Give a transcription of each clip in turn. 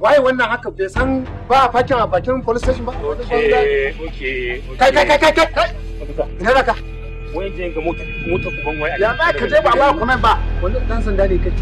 waye wannan ya haka bai san ba fakin a bakin police station ba? Okay, okay, okay. Kai kai kai kai kai! ka? Wai je ga mota kuban waye. Ya ba ka je ba ba kuma ba. Wannan dan sanda ne kai.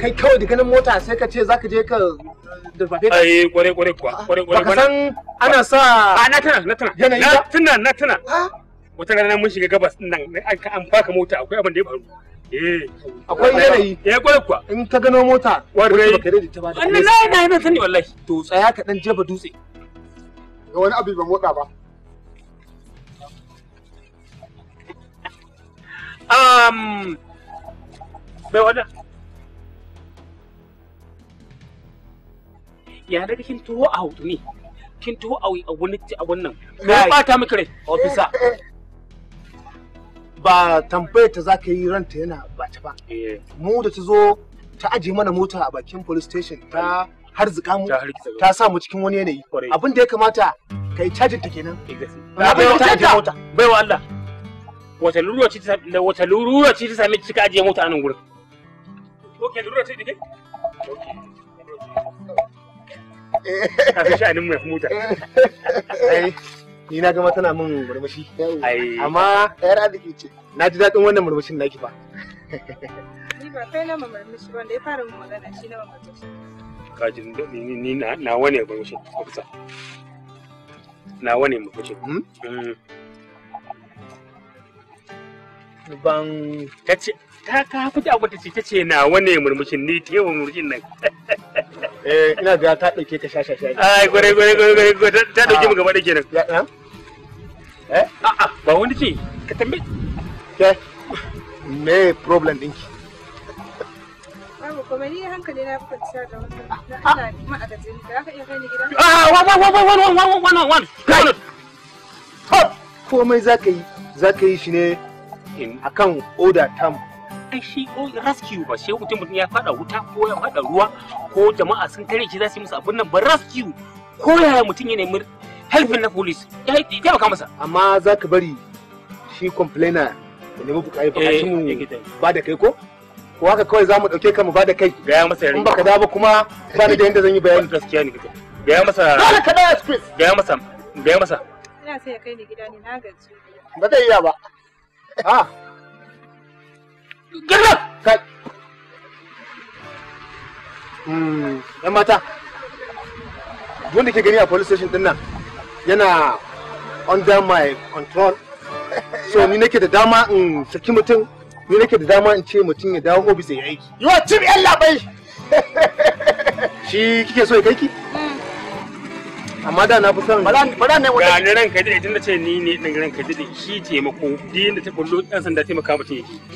Kai kawai daga nan mota sai ka ce zaka je ka durfafe ta ai kware kware kuwa ah, kware kware baka san ana sa a ah, na tuna na tuna na tuna. na tana wata rana mun shiga gabas nan an faka mota akwai abin da ya faru eh. akwai yanayi ya eh, kwai kuwa in ka gano mota warai wannan na na na sani wallahi to tsaya ka dan jefa dutse ga wani abu ban motsa ba um bai wannan Yanar kin tuwo a hutu ne kin tuwo a wani a wannan me ba ta miki rai ofisa ba tambayar ta zaka yi ranta yana bata ba eh. mu da ta zo ta aje mana mota a bakin police station ta harzika mu ta sa mu cikin wani yanayi abin da ya kamata ka yi cajin ta kenan na bai ta aje mota bai wa Allah wata lura ce ta wata lura ce ta same ki aje mota a nan gurin Okay, lura ce dike? Okay. ka san sha'anin mai mota ni na gama tana min murmushi amma yar arziki ce na ji daɗin wannan murmushin naki fa. ni ba kai na murmushi wanda ya fara mun magana shi na murmushi ka ji ni ni na na wane murmushi ofisa na wane murmushi hmm? hmm. ban ta ce ta ka fita abu ta ce ta ce na wane murmushin ni ta yawan murmushin nan Eh, ina ga ta dauke ta shasha shasha ai gore gore gore gore ta dauke mu gaba da kenan eh a'a ba wani ce ka tambaye ke me problem dinki kuma wa wa wa wa wa komai zaka ah, ah. ah, yi zaka yi shi ne akan tamu ai shi ko rescue ba sai mutum ya fada wuta ko ya fada ruwa ko jama'a sun tare shi za su yi musu abin nan ba rescue ko yaya mutum ya nemi helping na police ya yi taimaka masa amma za ka bari shi complainer ya nemi eh, mu ba da kai ko ko haka kawai za mu dauke ka mu ba da kai gaya masa yare in da ba kuma ba da yanda zan yi bayani gaskiya ne kake gaya masa dole gaya masa gaya masa ina sai ya kai ni gida ne na gaji ba zai iya ba ah Garba! Kai! Hmm, ‘Yan mata, wanda ke gani a police station din nan yana under my control. So ni nake da dama in saki mutum, ni nake da dama in ce mutum ya dawo ofis ya aiki. Yo, cin ‘yan labai! Shi kike so ya kai ki? Hmm. amma da na fi son bara ne wanda ga ranka dade tunda ce ni ne din ranka dade shi taimako din da ta kullu dan sanda taimaka mutum yake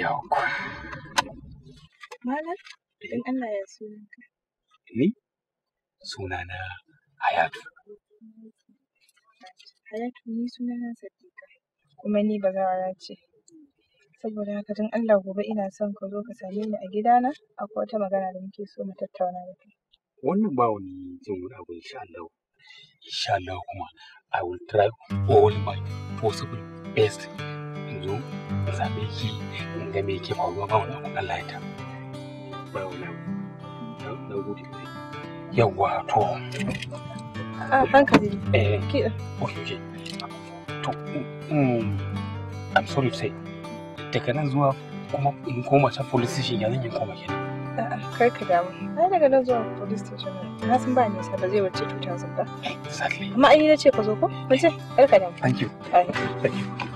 Yawwa. Malam, idan Allah ya sunanka. Ni? Sunana Hayatu. Hayatu ni sunana Sadiqa. Kuma ni bazawara ce. Saboda haka don Allah gobe ina son ka zo ka same ni a gidana akwai wata magana da muke so mu tattauna da kai. Wannan ba wani jin wani abu insha Allah. Inshallah kuma I will try all my possible best in zo in same ki in ga me ke faruwa ba wani abun Allah ba wani na gode yawwa to a ah, hankali eh ki okay to um I'm sorry to say daga nan zuwa kuma in koma can police station yanzu in koma kenan kar ka damu ai daga nan zuwa police station na san ba ba zai wuce 2000 ba exactly amma ai na ce ka zo ko mace kar ka thank you